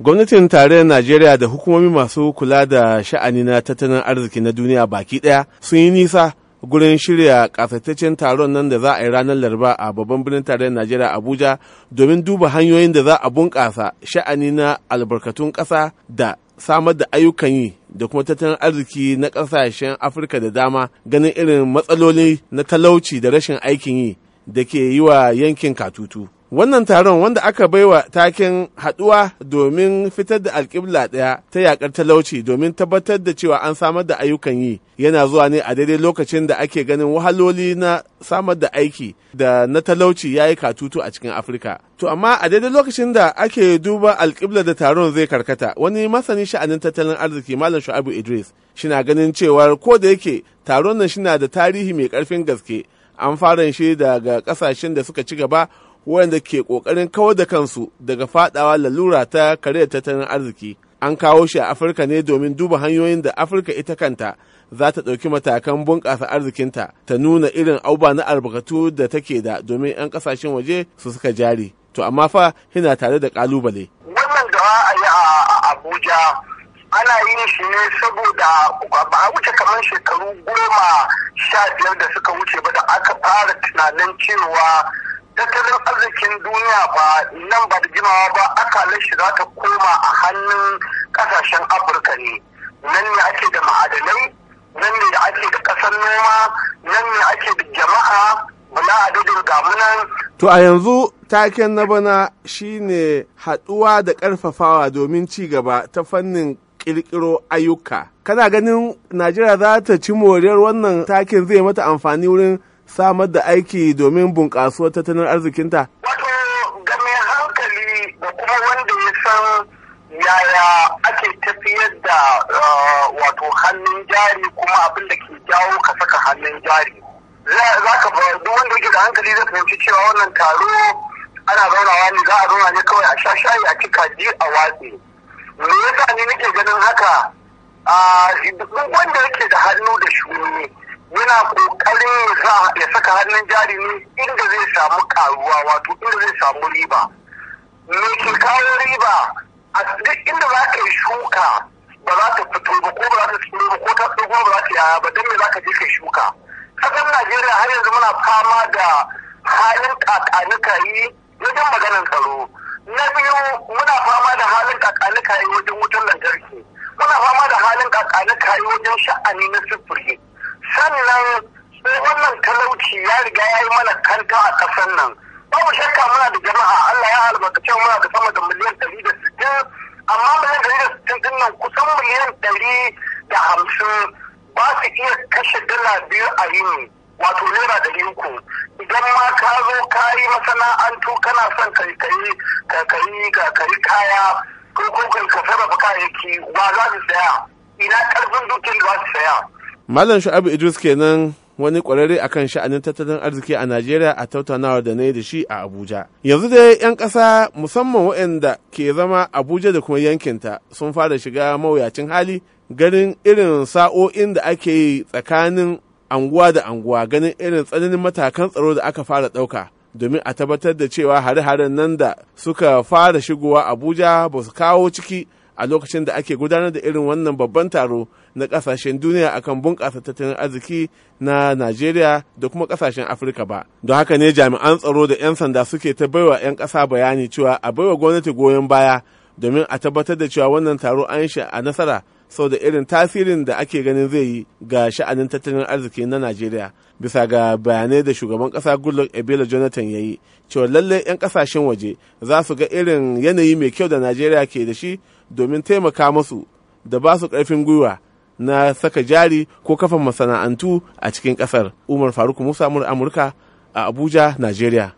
gwamnatin tarayyar najeriya da hukumomi masu kula da sha'ani na tattalin arziki na duniya baki daya sun yi nisa gurin shirya kasataccen taron nan da za a yi ranar laraba a babban birnin tarayyar najeriya abuja domin duba hanyoyin da za a bunƙasa sha'ani na albarkatun ƙasa da samar da ayyukan yi da kuma tattalin arziki na ƙasashen afirka da dama ganin irin matsaloli na talauci da rashin aikin yi da ke yi wa yankin katutu Wannan taron wanda aka baiwa taken haɗuwa domin fitar da alkibla ɗaya ta yakar talauci domin tabbatar da cewa an samar da ayyukan yi yana zuwa ne a daidai lokacin da ake ganin wahaloli na samar da aiki da na talauci ya yi katutu a cikin Afirka. To amma a daidai lokacin da ake duba alkibla da taron zai karkata wani masani sha'anin tattalin arziki Malam Shu'abu Idris shina ganin cewar ko da yake taron nan shina da tarihi mai karfin gaske an fara shi daga ƙasashen da suka ci gaba waɗanda ke ƙoƙarin kawar da kansu daga faɗawa lalura ta kariyar tattalin arziki an kawo shi a afirka ne domin duba hanyoyin da afirka ita kanta za ta ɗauki matakan bunƙasa arzikinta ta nuna irin auba na albarkatu da take da domin 'yan ƙasashen waje su suka jari to amma fa hina tare da ƙalubale wannan da a yi a abuja ana yin shi ne saboda ba a wuce kamar shekaru goma sha biyar da suka wuce ba da aka fara tunanin cewa tattalin arzikin duniya ba nan ba da jimawa ba aka shi za ta koma a hannun kasashen afirka ne nan ne ake da ma'adanai nan ne ake da kasar noma nan ne ake da jama'a bala adadin gamunan to a yanzu taken na bana shine haɗuwa da ƙarfafawa domin ci gaba ta fannin ƙirƙiro ayyuka. Kana ganin Najeriya za ta ci moriyar wannan takin zai mata amfani wurin samar da aiki domin bunƙasuwar tattalin arzikinta? Wato ga hankali da kuma wanda ya san yaya ake tafiyar da uh, wato hannun jari kuma abin da ke jawo ka saka hannun jari. Za ka duk wanda yake da hankali zai fahimci cewa wannan taro ana zaunawa ne za a zauna ne kawai a sha shayi a cika ji a watsi. Me yasa ne nake ganin haka? Uh, duk wanda yake da hannu da shuni yana kokarin ya saka hannun jari ne inda zai samu karuwa wato inda zai samu riba me ke kawo riba a duk inda za ka yi shuka ba za ta fito ba ko ba za ta tsoro ba ko ta tsoro ba za ta yaya ba don me za ka je ka shuka kasan najeriya har yanzu muna fama da halin kakanika yi wajen maganin tsaro na biyu muna fama da halin kakanika yi wajen wutar lantarki muna fama da halin kakanika yi wajen sha'ani na sufuri nan wannan talauci ya riga ya yi mana kanta a ƙasar nan babu shakka muna da jama'a Allah ya albarkace muna da sama da miliyan ɗari da sittin amma miliyan ɗari da sittin din nan kusan miliyan ɗari da hamsin ba su iya kashe dala biyu a yini wato naira ɗari uku idan ma ka zo ka yi masana'antu kana son kankari kankari ka kaya ko ko ka sarrafa kayayyaki ba za su saya ina karfin dukiyar ba su saya Malam Shu'abu Idris kenan wani kwararre akan sha'anin tattalin arziki a Najeriya a tattaunawar da na yi da shi a Abuja. Yanzu dai 'yan ƙasa musamman waɗanda ke zama Abuja da kuma yankinta sun fara shiga mawuyacin hali ganin irin sa'o'in da ake yi tsakanin anguwa da anguwa ganin irin tsananin matakan tsaro da aka fara ɗauka. domin a tabbatar da cewa hare-haren nan da suka fara shigowa Abuja ba su kawo ciki a lokacin da ake gudanar da irin wannan babban taro na kasashen duniya akan bunƙasa tattalin arziki na Najeriya da kuma kasashen Afirka ba. Don haka ne jami'an tsaro da 'yan sanda suke ta baiwa 'yan ƙasa bayani cewa a baiwa gwamnati goyon baya domin a tabbatar da cewa wannan taro an shi a nasara sau da irin tasirin da ake ganin zai yi ga sha'anin tattalin arziki na Najeriya bisa ga bayanai da shugaban kasa Goodluck Ebele Jonathan ya yi cewa lallai 'yan kasashen waje za su ga irin yanayi mai kyau da Najeriya ke da shi domin taimaka masu da ba su ƙarfin gwiwa na saka jari ko kafa masana'antu a cikin ƙasar umar faruk musa amurka a abuja najeriya